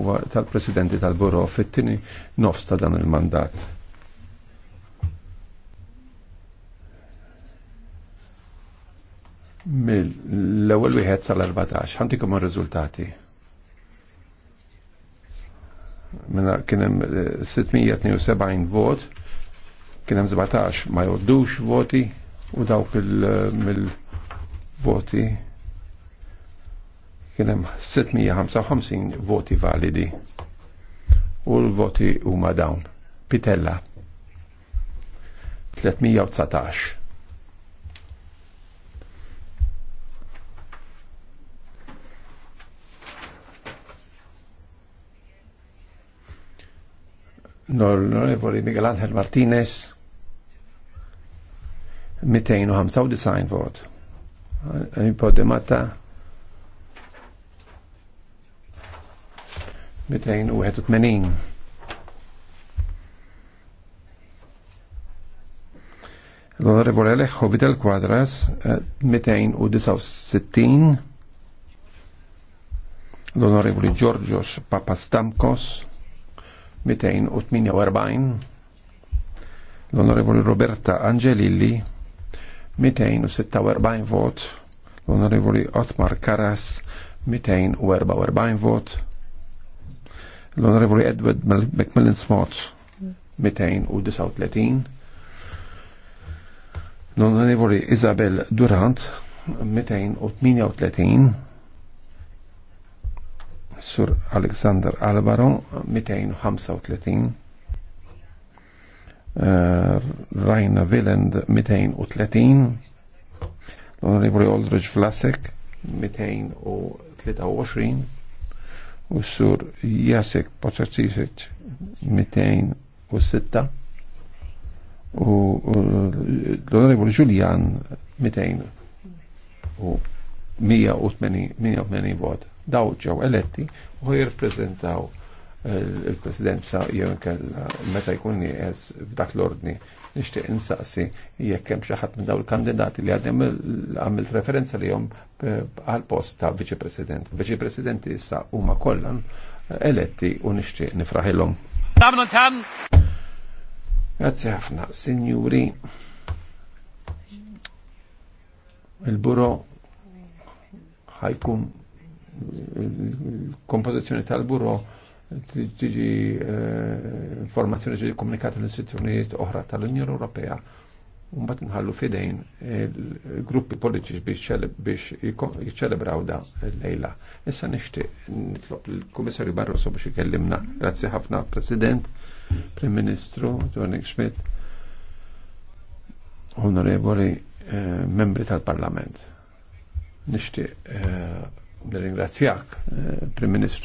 huwa tal-Presidenti tal-Buro fit-tieni nofs ta' dan il-mandat. Mill-ewwel wieħed sal-14 ħantikom ir-riżultati. Mela kien hemm 672 eh, vot, kien hemm 17 ma jgħoddux voti u dawk il-voti kienem 655 voti validi u l-voti huma dawn. Pitella 319 l-onorevoli Miguel Angel Martinez 295 vot. Podemata 281. L-Onorevole Alejo Vidal Quadras 269. Eh, L-Onorevole Giorgios Papastamkos 248. L-Onorevole Roberta Angelilli 246 vot. L-Onorevole Otmar Karas 244 vot l-Onorevoli Edward McMillan Smart 239 l-Onorevoli Isabel Durant 238 Sur Alexander Alvaro 235 Raina Villand 230 l-Onorevoli Aldridge Vlasek 223 u sur Jasek Potacisic 206 u l-onorevoli Ġuljan 200 u 180 vot. Daw ġew eletti u jirrepreżentaw il-presidenza jew inkella meta jkun nieqes f'dak l-ordni nixtieq insaqsi jekk hemm xi ħadd minn dawn il-kandidati li għadhem għamilt referenza li jom għal post ta' viċi-president. Viċi-presidenti issa huma kollha eletti u nixtieq nifraħilhom. Grazie ħafna, signori. Il-buro ħajkun il-kompożizzjoni tal-buro tiġi eh, informazzjoni ġi komunikata l-istituzzjonijiet oħra tal-Unjoni Ewropea un bat nħallu fidejn gruppi politiċi biex jiċċelebraw da l-lejla. Issa nishti nitlop il komissarju Barroso biex jikellimna. Grazzi ħafna, President, Prim Ministru, Tornik Schmidt, onorevoli eh, membri tal-Parlament. Nixtieq eh, nirringrazzjak, Prim Ministru,